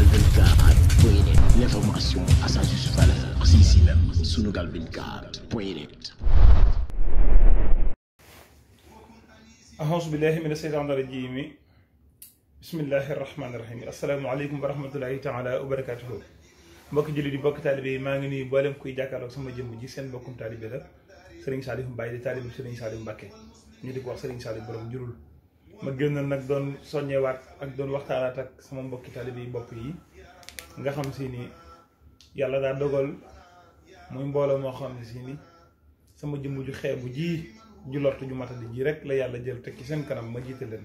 Sunugal 24 point net l'information à sa juste valeur c'est ici même Sunugal 24 point net ahousu billahi mina sheytaani rajimi bismillahi rahmaani rahim asalaamaaleykum wa rahmatullahi taala wa barakatuhu mbokki jullit yi mbokki taalibe yi maa ngi nuyu mboolem kuy jàkkaarloog sama jëmm ji seen mbokkum taalibe la Serigne Saliou Mbaye di taalibe Serigne Saliou Mbacké ñu di ko wax Serigne Saliou borom jurul ma génnoon nag doon soññewaat ak doon waxtaanaat ak sama mbokki talib yi mbokk yi nga xam si ni yàlla daa dogal muy mboole moo xam si ni sama jëmm ju xeebu ji ju lott ju matadi ji rek la yàlla jël teg ci seen kanam ma jiite leen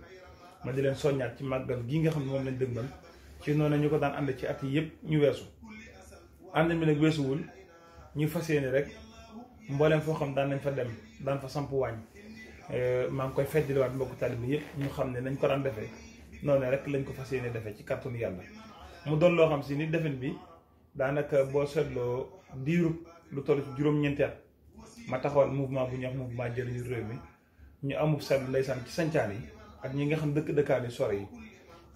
ma di leen soññaat ci màggal gii nga xam ne moom lañ dëgmal ci noonu ñu ko daan ànd ci at yi yëpp ñu weesu ànd mi nag weesuwul ñu fas yéene rek mbooleem foo xam daan nañ fa dem daan fa samp wàññ Euh, maa ngi koy feddliwaat mbokku talib bi yëpp ñu xam ne nañ ko daan defee noonu rek lañ ko fas yéene defee ci kàttanu yàlla mu doon loo xam si ni defin bi daanaka boo seetloo diirub lu toll ci juróom-ñeenti at ma taxawal mouvement bu ñuy wax mouvement réew mi ñu amub seetlu ndeysaan ci sancaan yi ak ñi nga xam dëkk-dëkkaan yi sore yi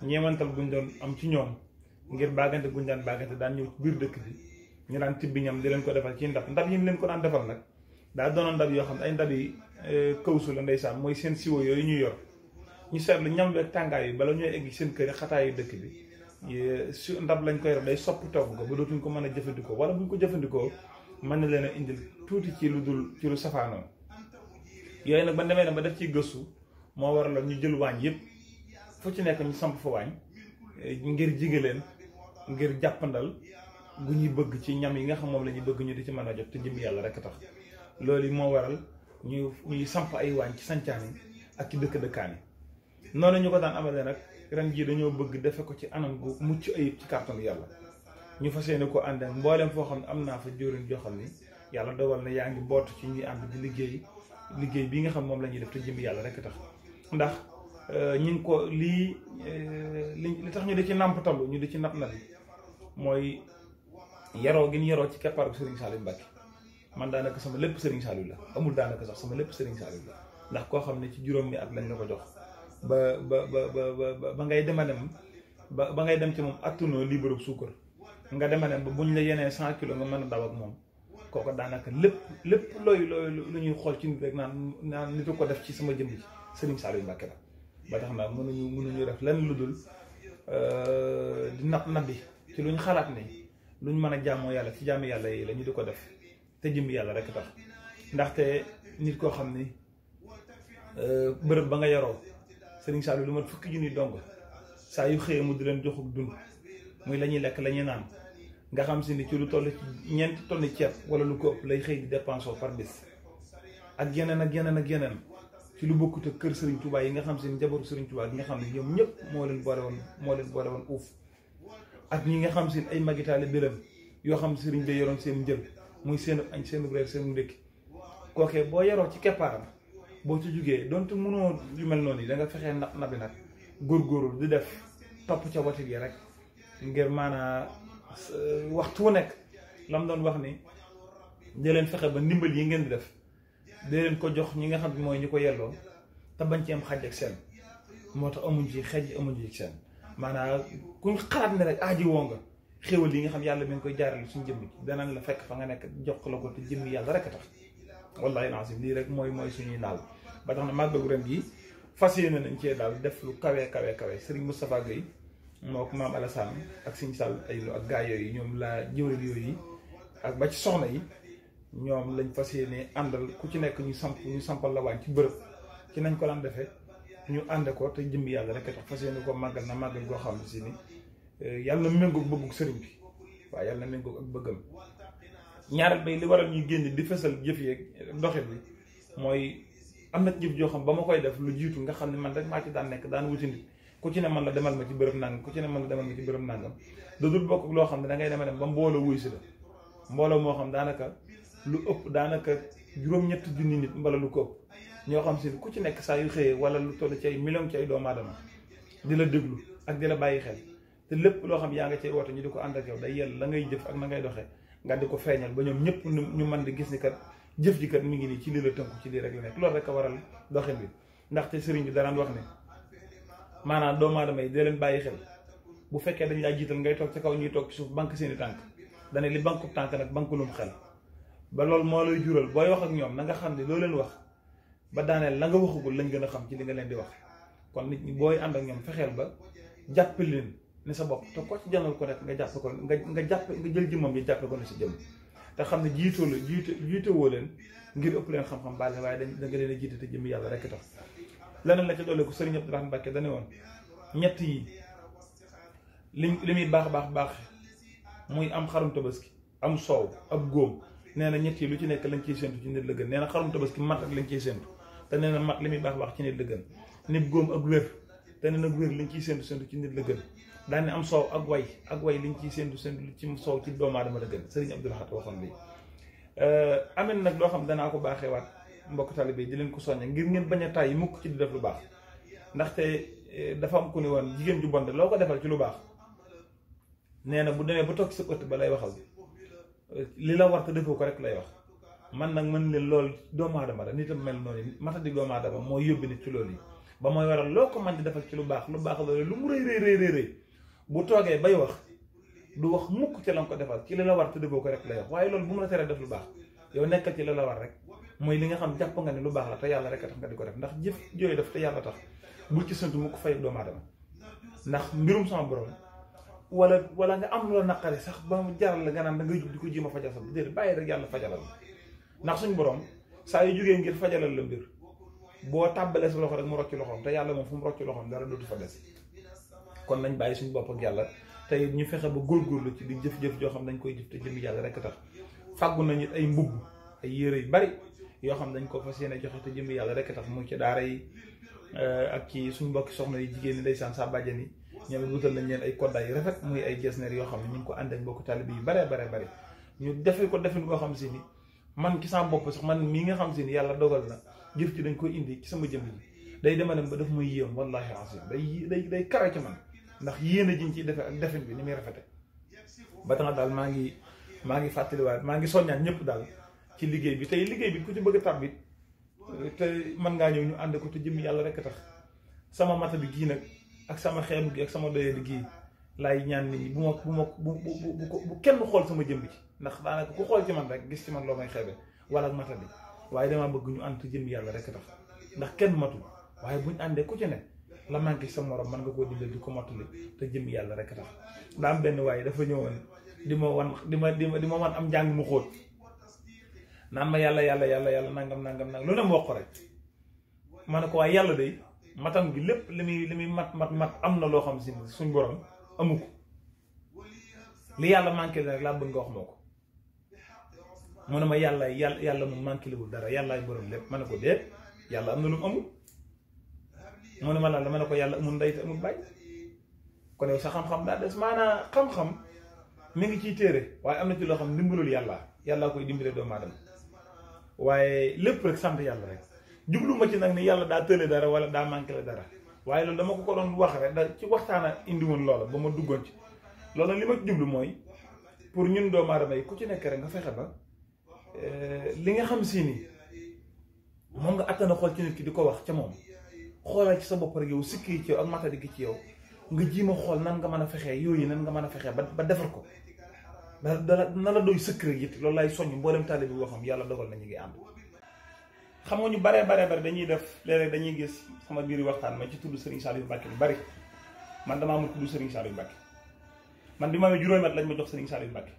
ñeemantal guñ doon am ci ñoom ngir baagante guñ daan baagante daan ñëw ci biir dëkk bi ñu daan tibbi ñam di leen ko defal ci ndab ndab yi ñu leen ko daan defal nag daa doonoon ndab yoo xam ne ay ndab yi Euh, kawsu la ndeysaan mooy seen siwo yooyu ñu yor ñu seetlu ñam weeg tàngaay yi bala ñooy egg seen kër yi xataayu dëkk bi euh, su ndab lañ koy yor day soppi togg ko ba dootuñ ko mën a jëfandikoo wala buñ ko jëfandikoo mën na leen a indil tuuti ci lu dul ci lu safaanoon yooyu nag ba demee na ba def ciy gëstu moo waral la ñu jël waañ yëpp foo ci nekk ñu samp fa waañ euh, ngir jige leen ngir jàppandal gu ñuy bëgg ci ñam yi nga xam moom la ñuy bëgg ñu di ci mën a jot te jëm yàlla rek tax loolu moo waral. ñuy ñuy samp ay waañ ci sancaan yi ak ci dëkk dëkkaan yi noonu ñu ko daan amalee nag ren jii dañoo bëgg defe ko ci anam bu mucc ayib ci kàttanu yàlla ñu fas yéene ko ànd ak mbooleem foo xam ne am naa fa jëriñ joo xam ni yàlla dogal na yaa ngi boot ci ñuy ànd di liggéey liggéey bi nga xam moom la ñuy def te jëm yàlla rek tax ndax euh, ñu ngi ko lii euh, li tax ñu di ci nàmp tallu ñu di ci nap na bi mooy yaroo gi ñu yaroo ci keppaaru Serigne Saliou Mbacke man daanaka sama lépp Serigne Saliou la amul daanaka sax sama lépp Serigne Saliou la ndax koo xam ne ci juróom mi at lañ la ko jox ba ba ba ba ba ngay dem a ba ba ngay dem ci moom attunoo libre suukar nga dem a ba ba ñu la yenee cent kilos nga mën a daw ak moom daanaka lépp lépp looy looy lu ñuy xool ci nit rek naan naan nitu ko def ci sama jëmm ji Serigne yu Mbacké la ba tax na mënuñu ñu def lan lu dul euh, di nab nabbi ci luñ xalaat ne luñ mën a jàmmoo yàlla ci jaamu yàlla yi lañu ñu di ko def te jëm yàlla rek tax ndaxte nit koo xam ni euh, bërëb ba nga yaroo sëriñ Saliou lu mat fukki junni dong saa yu xëyee mu di leen joxuk dund muy la ñuy lekk la ñuy naan nga xam si ni ci lu toll ci ñeent tonn ceeb wala lu ko ëpp lay xëy di dépensé par bis ak yeneen ak yeneen ak yeneen ci lu bokkut ak kër Serigne Touba yi nga xam si ni jabaru Serigne Touba yi nga xam ne ñoom ñëpp moo leen boole woon moo leen boole woon uuf ak ñi nga xam si ay magitaale bilam yoo xam Serigne bi yoroon seen njël muy seen añ seen reer seen ndékki kookee boo yaroo ci keppaaram boo ci jugee donte mënoo yu mel noonu yi da nga fexee na nabi nag góor góorgóorlu di def topp ca wati bi rek ngir maanaa euh, waxtu wu nekk lam doon wax ni di leen fexe ba ndimbal yi ngeen di def di leen ko jox ñi nga xam mooy ñi ko yelloo te bañ ci am xaj ak seen moo tax amuñ ci xej amuñ ci seen maanaa kuñ xalaat ne rek aaji woo nga xéwal yi nga xam yàlla mi ngi koy jaarale suñu jëmm ji danaan la fekk fa nga nekk jox la ko te jëmmi yàlla rek a tax wallahi naasim lii rek mooy mooy suñuy naal ba tax na màggagu ren gi fas yéene nañ cee daal def lu kawe kawe kawe Serigne Moustapha Gueye moo ko maam Alassane ak Serigne Sall ak gaa yooyu ñoom laa jëwal yooyu ak ba ci yi ñoom lañ fas yéene àndal ku ci nekk ñu samp ñu sampal la waañ ci bërëb ci nañ ko daan defee ñu ànd te jëmbi yàlla rek a tax fas yéene ko màggal na màggal goo xam si ni yàlla na méngoog bëggug sëriñ bi waaw yàlla na méngoog bëggam ñaareel bay li waral ñuy génn di fesal jëf yeeg ndoxit bi mooy am na jëf joo xam ba ma koy def lu jiitu nga xam ne man rek maa ci daan nekk daan wuti nit ku ci ne man la demal ma ci bërëb nangam ku ci ne man la demal ma ci bërëb nangam dootul loo xam ne da ngay dema dem ba mbooloo wuy la mbooloo moo xam daanaka lu ëpp daanaka juróom-ñetti junni nit mbala lu ko ëpp ñoo xam si ku ci nekk saa yu xëyee wala lu toll ci ay million ci ay doomu aadama di la déglu ak di la bàyyi xel te lépp loo xam yaa nga cee woote ñu di ko ànd ak yow day yell la ngay jëf ak na ngay doxee nga di ko feeñal ba ñoom ñëpp ñu man di gis ni kat jëf ji kat mi ngi nii ci lii la tënku ci lii rek la nekk loolu rek a waral doxin bi ndaxte sëriñ bi danaan wax ne maanaam doomu aadama yi leen bàyyi xel bu fekkee dañ laa jiital ngay toog ci kaw ñuy toog ci suuf banque seeni tànk dane li banku tànk nag banku lum xel ba lool moo lay jural booy wax ak ñoom na nga xam ne loo leen wax ba daaneel la nga waxagul lañ gën a xam ci li nga leen di wax kon nit ñi booy ànd ak ñoom fexeel ba jàpp leen ni sa bopp te ko ci jàngal ko rek nga jàpp ko nga nga jàpp nga jël jëmmam yi jàppe ko ne si jëmm te xam ne jiitoo la jiite jiitewoo leen ngir ëpp leen xam-xam bàlle waaye da nga leen a jiite te jëmm yàlla rek tax leneen la ca doole ko sëriñ Abdourahmane Mbacke dane woon ñett yi li li muy baax baax baax muy am xarum tabaski am soow ab góom nee na ñett yi lu ci nekk lañ ciy séntu ci nit la gën nee na xarum tabaski mat ak lañ ciy séntu te nee na mat li muy baax baax ci nit la gën nit góo ak wér te nee na wér lañ ciy séntu séntu ci nit la gën daane am soow ak way ak way li liñ ciy seen séntu ci soow ci doomu aadama la gën sëriñ Abdul Ahad waxoon lii euh, amen nag loo xam danaa ko baaxee waat mbokk talibe di leen ko soññe ngir ngeen bañ a tàyyi mukk ci di def lu baax ndaxte euh, dafa am ku ne woon jigéen ju bon de loo ko defal ci lu baax nee na bu demee ba toog sa ba lay waxal li la war te ko rek lay wax man nag mën leen lool doomu aadama la nitam mel noonu mata di doomu aadama moo yóbbi nit ci loolu yi ba mooy waral loo ko mën di defal ci lu baax lu baax loolu lu bu toogee bay wax du wax mukk ci la ko defal ci li la war te dëggoo ko rek lay wax waaye loolu bu mu la teree def lu baax yow nekkal ci la la war rek mooy li nga xam jàpp nga ne lu baax la te yàlla rek a tax nga di ko def ndax jëf jooyu def te yàlla tax bul ci sant mukk fay doomu aadama ndax mbirum sama borom wala wala nga am loo sax ba mu jaral la nga naan da ngay jug di ko jéem a fajal bàyyi rek yàlla fajalal ndax suñ boroom saa yu jógee ngir fajalal la mbir boo tàbbalee sa loxo rek mu rocci loxoom te yàlla moom fu mu rocci loxoom dara dootu fa des kon nañ bàyyi suñu bopp ak yàlla tey ñu fexe ba góorlu ci di jëf-jëf joo xam ne dañ koy jëf te jëm yàlla rek tax fàggu nañu ay mbubb ay yére yu bari yoo xam dañ ko fas yéene joxe te jëm yàlla rek tax mu ci daara euh, ak ci suñu mbokki soxna yi jigéen ñi ndeysaan sa bàjjen yi ñoom wutal nañ leen ay koddaay yu rafet muy ay gesner yoo xam ne ñu ngi ko ànd ak mbokk talibi yu baree bari ñu defe ko defin koo xam si ni man ci sama bopp sax man mii nga xam si ni yàlla dogal na jëf ci dañ koy indi ci sama jëm day dema dem ba daf muy yéem wallahi azim day day day kara ci man ndax yéen a jiñ ci defe ak defin bi ni muy rafete ba tax daal maa ngi maa ngi fàttaliwaat maa ngi soññaat ñëpp daal ci liggéey bi tey liggéey bi ku ci bëgg a tàbbit te mën ngaa ñëw ñu ànd ko te jëm yàlla rek tax sama mata bi gii nag ak sama xeebu gi ak sama doyee di gii laay ñaan nit ñi bu ma bu ma bu bu bu kenn xool sama jëmb ci ndax daanaka ku xool ci man rek gis ci man loo may xeebe wala ak mata bi waaye damaa bëgg ñu ànd te jëm yàlla rek tax ndax kenn matul waaye buñ àndee ku la manqué sa morom man nga koo digal di ko mottali te jëm yàlla rek tax daa am benn waaye dafa ñëwoon di ma wan di ma di ma di ma wan am njàng mu xóot naan ma yàlla yàlla yàlla yàlla nangam nangam nangam lu ne ma ne ko waaye yàlla day matam gi lépp li muy li muy mat mat mat am na loo xam suñ borom amu yàlla manqué rek laa bëgg nga wax ma yàlla yàlla yàlla mu manqué liwul dara yàllaay borom lépp man ne ko déet yàlla am na lu mu amul. mu ne ma lan dama ne ko yàlla amul ndey te amul baay kon yow sa xam-xam daa des maanaam xam-xam mi ngi ciy téere waaye am na ci loo xam ndimbalul yàlla yàllaa koy dimbale doomu waaye lépp rek sant yàlla rek jublu ma ci nag ni yàlla daa tële dara wala daa manqué la dara waaye loolu dama ko ko doon wax rek da ci waxtaana indi woon loola ba ma duggoon ci loola li ma jublu mooy pour ñun doomu aadama yi ku ci nekk rek nga fexe ba eh, li nga xam si ni moom nga attana xool ci di ko wax ca moom xoolal ci sa bopp rek yow sikki yi ci yow ak matadi gi ci yow nga jiima xool nan nga mën a fexee yooyu nan nga mën a fexee ba defar ko da da na la doy sëkk rek it loolu lay soññ mboolem taalibe bi waxam yàlla dogal na ñu ngi ànd. xam nga ñu baree baree bare dañuy def léeg dañuy gis sama biir waxtaan ma ci tudd Serigne yu Mbacké lu bari man dama amul tudd Serigne yu Mbacké man bi ma amee juróomi at lañ ma jox Serigne Saliou Mbacké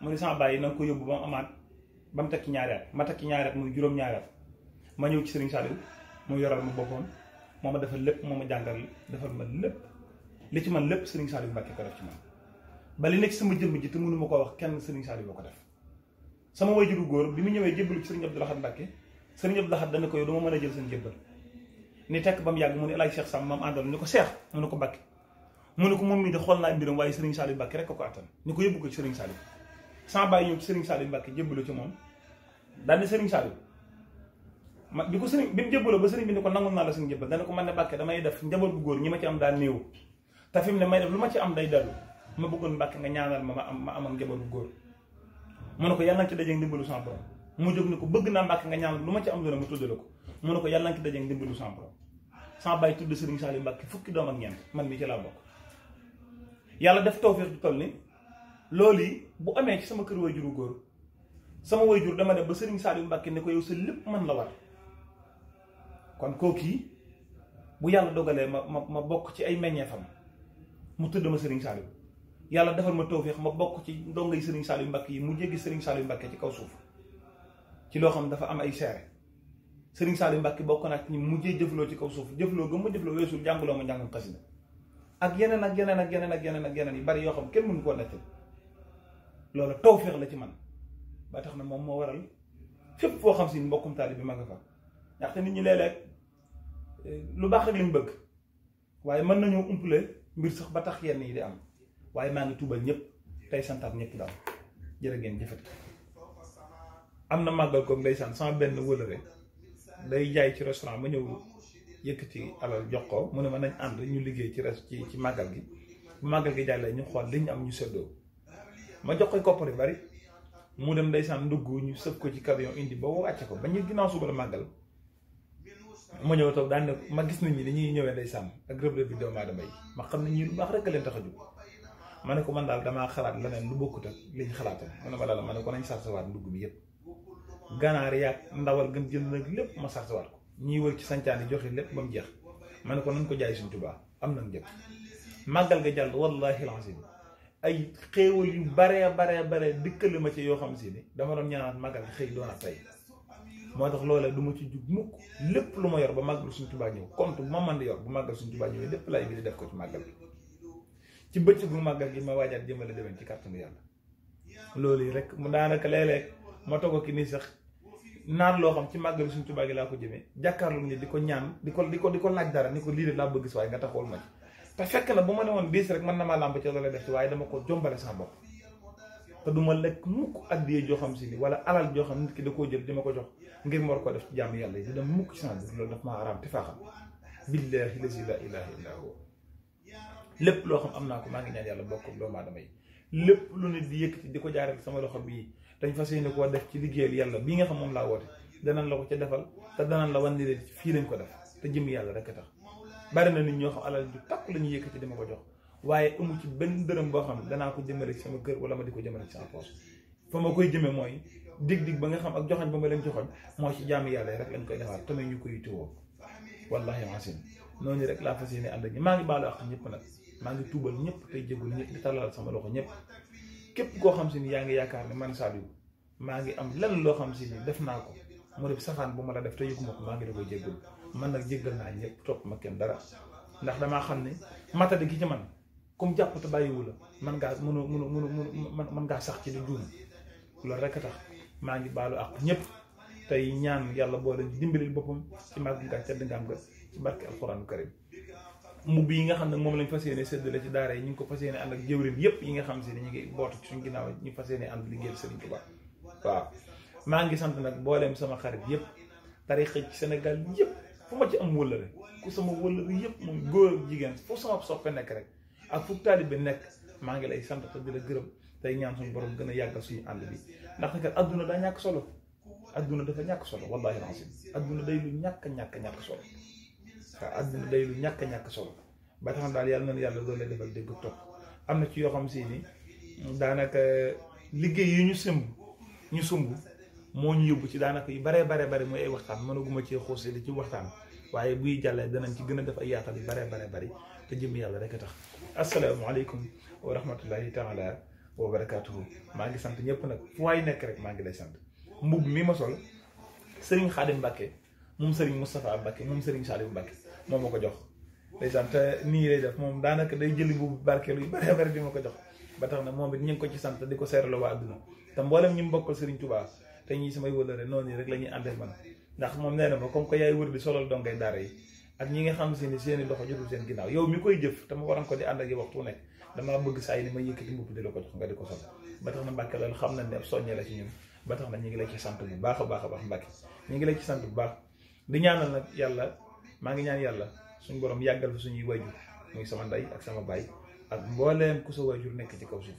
mu ne sama bàyyi na ko yóbbu ba mu amaat ba mu takki ñaari at ma juróom ñaari ma ñëw ci Serigne Saliou mu yoral ma boppam moo ma defal lépp moo ma jàngal defal ma lépp li ci man lépp Serigne Saliou Mbacké ko def ci man ba li nekk sama jëmm ji te mënu ma ko wax kenn Serigne Saliou boo ko def sama juru góor bi mu ñëwee jébbalu ci Serigne Abdou Lahad Mbacké Serigne Abdou Lahad dana ko yow dama mën a jël seen jébbal ni tekk ba mu yàgg mu ne El Hadj Cheikh Samb maam àndal ni ko seex mu ne ko Mbacké mu ne ko moom mii de xool naa mbiram waaye Serigne Saliou Mbacké rek ko ko attan ni ko yóbbu ko ci Serigne Saliou sans bàyyi ñëw Serigne Saliou Mbacké jébbalu ci moom daal di Serigne Saliou ma bi ko sëriñ bi mu jébbaloo ba ni ko nangul naa la suñu jébbal dana ko mën ne Mbàkke damay def njaboot bu góor ñi ma ci am daa néew te fi ne may def lu ma ci am day dellu ma bëggoon Mbàkke nga ñaanal ma ma am ma amoon njaboot bu góor mu ne ko yàlla na ci dajeeg ndimbalu sama borom mu jóg ni ko bëgg naa Mbàkke nga ñaanal lu ma ci am doona ma tuddale ko mu ko na ci dajeeg ndimbalu sama borom sama bàyyi tudd sëriñ Saliou Mbàkke fukki doom ak ñeent man mi ci laa bokk yàlla def tawfeex du toll ni loolu yi bu amee ci sama kër way juru góor sama way jur dama dem ba sëriñ Saliou Mbàkke ne ko yow sa lépp man la kon koo kii bu yàlla dogalee ma ma ma bokk ci ay meññeefam mu tudd ma Serigne Saliou yàlla defal ma tawféex ma bokk ci ndongoy Serigne Saliou Mbacke yi mu jéggi Serigne Saliou Mbacke ci kaw suuf ci loo dafa am ay seere Serigne Saliou bokk naa ci ñi mujjee jëfloo ci kaw suuf jëfloo gëm ma jëfloo weesul jànguloo ma jàngul xasida ak yeneen ak yeneen ak yeneen ak yeneen ak yeneen yi bari yoo xam kenn mënu koo nettal loolu tawféex la ci man ba tax na moom moo waral fépp foo xam si mbokkum taali bi ma nga fa ndaxte nit ñi léeg-léeg lu baax rek lañ bëgg waaye mën nañoo umpale mbir sax ba tax yenn yi di am waaye maa ngi tuubal ñëpp tey santaat ñëpp daal jërë ngeen jëfat am na màggal ko ndeysaan sama benn wëlëre day jaay ci restaurant ma ñëw ci alal jox ko mu ne ma nañ ànd ñu liggéey ci res ci ci màggal gi bu màggal gi jàllee ñu xool li am ñu seddoo ma jox koy koppar yu bari mu dem ndeysaan ndugg ñu sëf ko ci camion indi ba wàcce ko ba ñu ginnaaw suba a màggal ma ñëw toog daan ne ma gis nañ ni ñëwee day sàmm ak rëb-rëb bi doomu aadama yi ma xam ne ñii lu baax rekk leen tax a jóg ma ne ko man daal damaa xalaat leneen lu bokkut ak liñ xalaatoon ma ne ma daal ma ne ko nañ sarsawaat ndugg mi yëpp ganaar yaag ndawal gën jël nag lépp ma sarsawaat ko ñiy wër ci sancaan yi joxe lépp ba mu jeex ma ne ko nañ ko jaay suñ tubaa am nañ njëkk màggal ga jàll wallahi alazim ay xéewal yu baree baree bare dikkali ma ci yoo xam si ni dama doon ñaanaat màggal ga xëy tey moo tax loolee du ma ci jug mukk lépp lu ma yor ba màggal suñ tubaa ñëw compte bu ma mën di yor bu màggal suñ tubaa ko ci màggal bi ci bëccëgu gi ma waajaat jëmale demeen ci kàttanu yàlla loolu yi rek mu daanaka léeg-léeg ma sax naan loo xam ci màggal suñ laa ko jëmee jàkkaarlu ni di ko ñaan di ko di ko ko laaj dara ni ko lii de laa bëgg si waaye nga taxawal ma te fekk na bu ma ne woon diis rek mën na maa làmb ci loolee def ci waaye dama ko jombale sama bopp te du ma lekk mukk addiyee joo xam si ni wala alal joo xam nit ki da koo jël di ma ko jox ngir ma war koo def ci jàmm yàlla yi dina mukk ci sama biir loolu daf maa araam te lépp loo xam naa ko maa ngi yàlla bokk doomu aadama lépp lu nit di di ko jaareel sama loxo bii dañ fas yéene koo def ci liggéeyal yàlla bii nga xam moom laa woote danañ la ko ca defal te danañ la wan ni leen fii lañ ko def te jëm yàlla rek a tax bari na nit ñoo xam alal ju takk la ñuy yëkkati dama ko jox waaye amu ci benn dërëm boo xam ne danaa ko jëmale ci sama kër wala ma di ko jëmale ci sama poche fa ma koy jëmee mooy dig-dig ba nga xam ak joxoñ ba ma leen joxoñ moo ci jaamu yàlla rek lañ koy defaat tamit ñu koy tuwoo wallahi masin noonu rek laa fas yéene ànd ak maa ngi baalu ak ñëpp maa ngi tuubal ñëpp tey jégul ñëpp di talal sama loxo ñëpp képp koo xam si ni yaa ngi yaakaar ne man Saliou maa ngi am lenn loo xam si ni def naa ko mu def safaan bu ma la def te yëguma ko maa ngi la koy jégul man nag jéggal naa ñëpp topp ma kenn dara ndax damaa xam ne matadi gi ci man comme jàpp te bàyyiwu la man ngaa mënoo mënoo mënoo mën ngaa sax ci di juum loolu rek a tax maa ngi baalu àq ñëpp tey ñaan yàlla boo leen dimbalil boppam ci mag ngaa tedd nga am nga ci barke alxuraanu karim mbubb yi nga xam ne moom lañ fas yéene séddale ci daara yi ñu ngi ko fas yéene ànd ak jëwrin yëpp yi nga xam si ne ñu ngi bootu ci suñ ginnaaw ñu fas yéene ànd liggéeyal Sëriñ Tuubaa waaw maa ngi sant nag booleem sama xarit yëpp tarixa ci Sénégal yëpp fu ma ci am wëllëre ku sama wëllëre yëpp moom góor jigéen fu sama soppe nekk rek ak fukk taalib bi nekk maa ngi lay sant te di la gërëm tey ñaan suñu borom gën a yàggal suñu ànd bi ndax nag adduna daa ñàkk solo adduna dafa ñàkk solo wallahi lancim adduna day lu ñàkk ñàkk ñàkk solo waaw adduna day ñàkk ñàkk solo ba tax na daal yàlla nañu yàlla doole defal dégg topp am na ci yoo xam si ni daanaka liggéey yi ñu sëmb ñu sumb moo ñu yóbbu ci daanaka yi baree bare bari mooy ay waxtaan mënaguma cee xuus li ci waxtaan waaye buy jàllee danañ ci gën a def ay yaatal yu baree bare bari te jëm yàlla rek a tax asalaamaaleykum wa rahmatullahi taala wa barakaatuhu maa ngi sant ñëpp nag fu waay nekk rek maa ngi lay sant mbub mi ma sol Serigne Khadim Mbacke moom Serigne Moustapha Mbacke moom Serigne Salim Mbacke moom ma ko jox. day sant nii lay def moom daanaka day jëli bu barkeelu yu bare bare bi ma ko jox ba tax na moom it ñu ngi ko ci sant di ko seeraloo waa adduna te mboolem ñi mu bokkal Serigne Touba te ñii samay wëlëre noonu rek la ñuy àndal man ndax moom nee na ma comme que yaay wër yi. ak ñi nga xam se ni seen i loxo jotul seen ginnaaw yow mi koy jëf te ma waroon ko di ànd ak yow waxtu nekk damaa bëgg saa yi ni ma yëkkati mbubb di la ko jox nga di ko sol ba tax na Mbàkke loolu xam nañ la ci ñun na ñu ngi la ci sant bu a a baax ñu ngi la ci sant bu baax di ñaanal yàlla maa ngi ñaan yàlla suñu borom yàggal fi suñuy wajur muy sama ndey ak sama baay ak mbooleem ku sa wajur nekk ci kaw suuf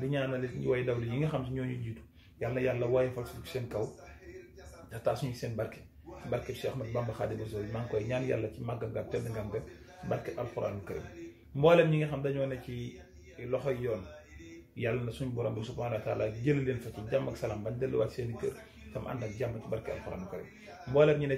di ñaanal ñu way dawli yi nga xam si ñooñu jiitu yàlla yàlla woyofal suñu seen kaw te taas suñu seen barke barke Cheikh Ahmad Bamba Xaadimu Rasuul maa ngi koy ñaan yàlla ci màggam nga tedd ngam nga barke alxuraanu karim mboolem ñi nga xam dañoo ne ci loxoy yoon yàlla na suñu borom bi subhaanahu wa taala jël leen fa ci jàmm ak salaam bañ delluwaat seen i kër tam ànd ak jàmm ci barke alxuraanu karim mboolem ñi na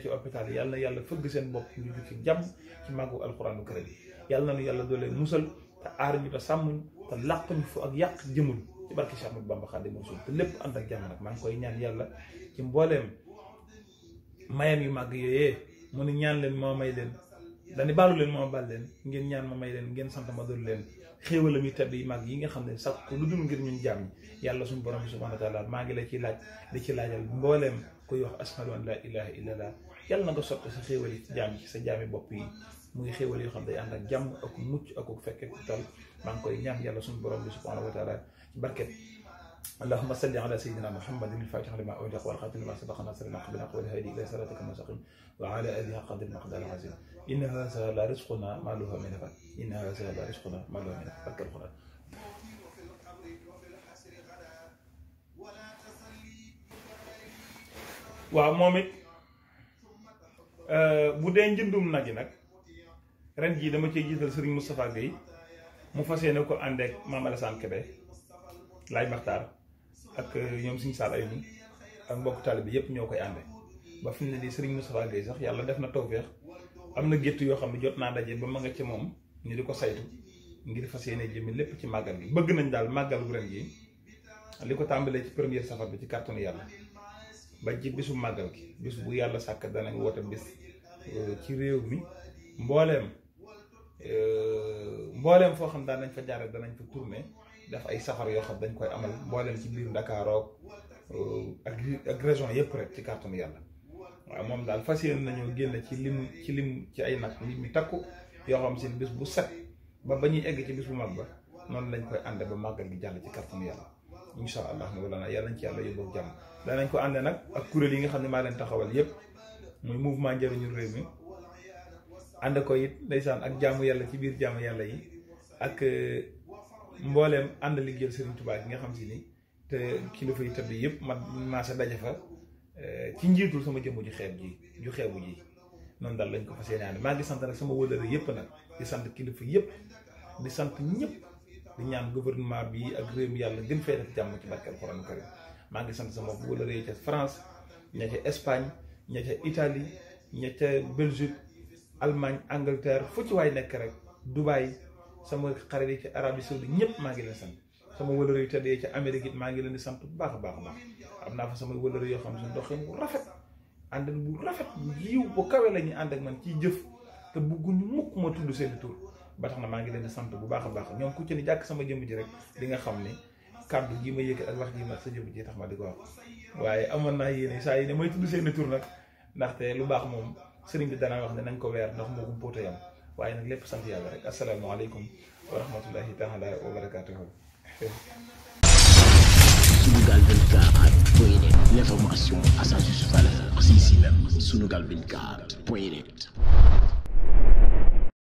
yàlla fëgg seen bopp ñu ci jàmm ci màggu alxuraanu karim yàlla na nu yàlla doole musal te aar ñu te sàmm te làq ñu fu ak yàq jëmul ci barke Cheikh Ahmad Bamba Xaadimu Rasuul te lépp ànd ak maa ngi koy ñaan yàlla ci mbooleem mayam yu màgg yooyee mu ne ñaan leen moo may leen dani baalu leen moo baal leen ngeen ñaan moo may leen ngeen sant ma dul leen xéewalam yu tedd yu màgg yi nga xam ne sàkku lu dul ngir ñun jàmm yàlla suñu borom bi maa ngi la ciy laaj di ci laajal mbooleem kuy wax ashhadu an laa ilaha illa allah nga sotti sa xéewal yi ci jaam yi sa jaami bopp yi muy xéewal yoo xam ne ànd ak jàmm ak mucc ak fekke ku tal maa ngi koy ñaan yàlla suñu borom bi subhanahu wa taala ci barket اللهم صل على سيدنا محمد الفاتح لما أغلق والخاتم لما سبق ناصر الحق بالحق والهادي إلى صراطك المستقيم وعلى آله قدر المقدار العظيم إن هذا لرزقنا ما له من نفع إن هذا لرزقنا ما له من نفع فكر القرآن waaw moom it bu dee njëndum nag yi nag ren jii dama cee jiital Serigne Moustapha Gueye mu fas yéene ko ànd ak Mame Alassane Kébé laaj Maxtaar ak euh, ñoom suñu saal ayib ak mbokk taalibe bi yëpp ñoo koy ànde ba fi mu ne nii mu Moustapha Gueye sax yàlla def na tawféex am na gétt yoo xam ne jot naa daje ba ma nga ci moom ñu di ko saytu ngir fas yéene jëmi lépp ci màggal gi bëgg nañ daal màggal gu ren gi li ko tàmbalee ci première safar bi ci kàttanu yàlla ba ci bisu màggal gi bis bu yàlla sàkk danañ woote bis euh, ci réew mi mbooleem euh, mbooleem foo xam daan nañ fa jaare danañ fa tourné def ay safar yoo xam dañ koy amal mboolem ci biir Dakar ak euh, ak région yëpp rek ci kàttanu yàlla waaw moom daal fas yéene nañoo génne ci lim ci lim ci ay nag lim mi takku yoo xam si bis bu set ba ba ñuy egg ci bis bu mag ba noonu lañ koy ànde ba màggal gi jàll ci kàttanu yàlla incha allah mawlana yàlla nañ ci yàlla yóbbu jàmm danañ ko ànde nag ak kuréel yi nga xam ne maa taxawal yëpp muy mouvement njëriñu réew mi ko it ndeysaan ak jaamu yàlla ci biir jaamu yàlla yi ak euh, mbooleem ànd liggéeyal seen Touba yi nga xam si ni te kilifa yi tëdd yëpp ma maa sa daje fa eh, ci njiitul sama jëmm ju xeeb ji ju xeebu ji noonu daal lañ ko fas yéene ànd maa ngi sant nag sama wëllëre yëpp nag di sant kilifa yëpp di sant ñëpp di ñaan gouvernement bi ak yàlla gën fay ci barkeel Alxuraan Karim sama wëllëre yi ca France ña ca Espagne ña ca Italie ña ca Belgique Allemagne Angleterre fu ci waay nekk rek Dubaï. sama xarit yi ci Arabie Saoudite ñëpp maa ngi leen sant sama wëlëri yu tëddee ci Amérique it maa ngi leen di sant bu baax a baax a baax am naa fa sama wëlëri yoo xam ne doxin bu rafet ànd bu rafet bu yiw bu kawe la ñuy ànd ak man ciy jëf te bëgguñu mukk ma tudd seen tur ba tax na maa ngi leen di sant bu baax a baax ñoom ku ci ni jàkk sama jëmm ji rek xam ni kàddu gi ma yëkkat ak wax gi ma sa jëmm ji ma di ko waaye amoon naa yéene saa yi ne may tudd seen tur nag ndaxte lu baax moom sëriñ bi danaa wax ne nañ ko weer ndax moo ko mbóotayam waaye nag lépp sant yàlla rek asalaamaaleykum wa rahmatullahi taala wa barakaatuhu. Sunugal 24 point l'information à sa juste valeur, c'est ici même